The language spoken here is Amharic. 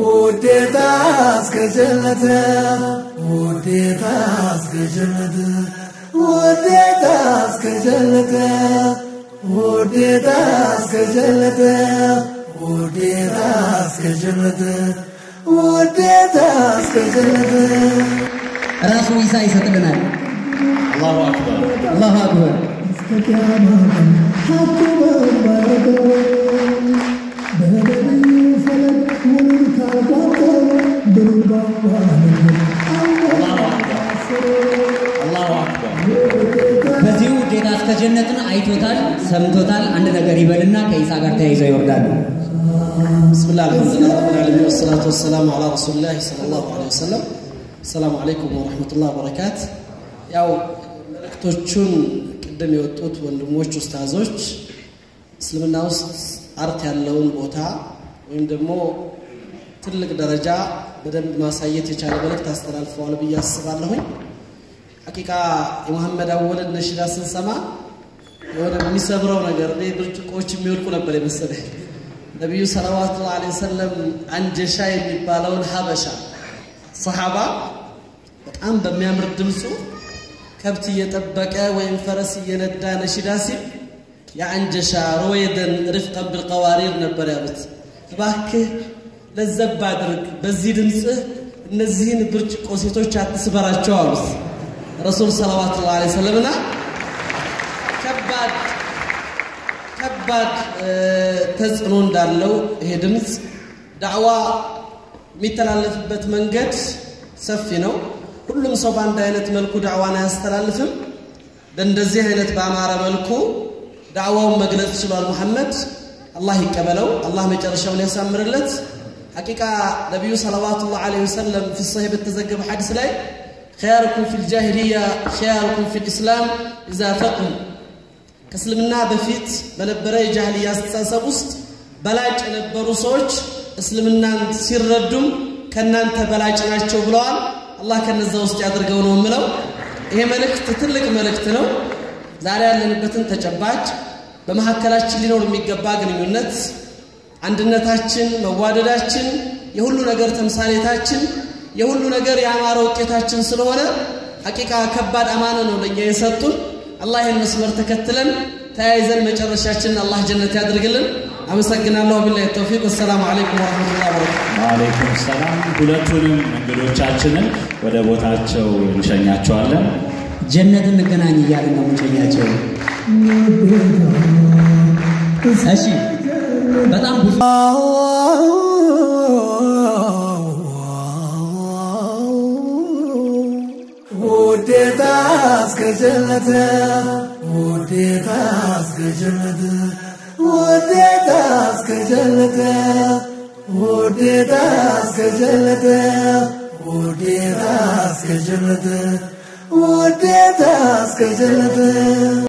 ውዴታ እስከ ጀነት ውዴታ እስከ ጀነት ውዴታ እስከ ጀነት ውዴታ እስከ ጀነት ውዴታ እስከ ጀነት ውዴታ እስከ ጀነት ራሱ ኢሳ ይሰጥልናል። አላሁ አክበር አላሁ አክበር በቅያማን ሀቁ በማረገው በዚሁ ጌታ እስከ ጀነትን አይቶታል፣ ሰምቶታል። አንድ ነገር ይበልና ከኢሳ ጋር ተያይዘው ይወርዳሉ። ብስሚላህ አልሐምዱሊላህ ረቢል ዓለሚን ወሰላቱ ወሰላሙ ሰለላሁ ዐለይሂ ወሰለም። ሰላም አለይኩም ወረሕመቱላህ በረካት። ያው መልእክቶቹን ቅድም የወጡት ወንድሞች ውስታዞች እስልምና ውስጥ አርት ያለውን ቦታ ወይም ደግሞ ትልቅ ደረጃ በደንብ ማሳየት የቻለ መልእክት አስተላልፈዋል ብዬ አስባለሁኝ። ሐቂቃ የመሐመድ አወልን ነሽዳ ስንሰማ የሆነ የሚሰብረው ነገር እ ብርጭቆዎች የሚወድቁ ነበር የመሰለ ነቢዩ ሰለዋቱ ዐለይሂ ሰለም አንጀሻ የሚባለውን ሀበሻ ሰሓባ በጣም በሚያምር ድምፁ ከብት እየጠበቀ ወይም ፈረስ እየነዳ ነሽዳ ሲል የአንጀሻ ሮዌደን ርፍቀ ብልቀዋሪር ነበር ያሉት። እባክህ ለዘብ አድርግ፣ በዚህ ድምፅህ እነዚህን ብርጭቆ ሴቶች አትስበራቸው አሉት ረሱል ሰለዋት ላ ሰለምና ከባድ ከባድ ተጽዕኖ እንዳለው ይሄ ድምፅ ዳዕዋ የሚተላለፍበት መንገድ ሰፊ ነው። كلهم صوبان دايلت ملكو دعوانا يستلالفهم دن دزيها يلت بامارة ملكو دعوهم مقلت سلوال محمد الله يكبلو الله مجرشو ليسامر اللت حقيقة نبي صلوات الله عليه وسلم في الصحيب التزقب حدث لي خياركم في الجاهلية خياركم في الإسلام إذا فقهم كسلمنا بفيت بلبري جاهلية استساسة بست بلاج أنا بروسوش اسلمنا سير ردوم كنا انت بلاج أنا شوبلوان አላህ ከነዛ ውስጥ ያድርገው ነው የምለው። ይሄ መልእክት ትልቅ መልእክት ነው። ዛሬ ያለንበትን ተጨባጭ በመካከላችን ሊኖር የሚገባ ግንኙነት፣ አንድነታችን፣ መዋደዳችን፣ የሁሉ ነገር ተምሳሌታችን፣ የሁሉ ነገር የአማረ ውጤታችን ስለሆነ ሐቂቃ ከባድ አማና ነው ለእኛ የሰጡን። አላህ ይህን መስመር ተከትለን ተያይዘን መጨረሻችንን አላህ ጀነት ያድርግልን። አመሰግናለሁ። ብለ ተውፊቅ። ሰላም አለይኩም ወራህመቱላሂ ወበረካቱ። ወአለይኩም ሰላም። ሁለቱንም እንግዶቻችንን ወደ ቦታቸው እንሸኛቸዋለን። ጀነት እንገናኝ እያልን ነው የምንሸኛቸው። እሺ፣ በጣም ብዙ ውዴታ እስከ ጀነት ውዴታ እስከ ጀነት Wodedas gecelete Wodedas gecelete Wodedas gecelete Wodedas gecelete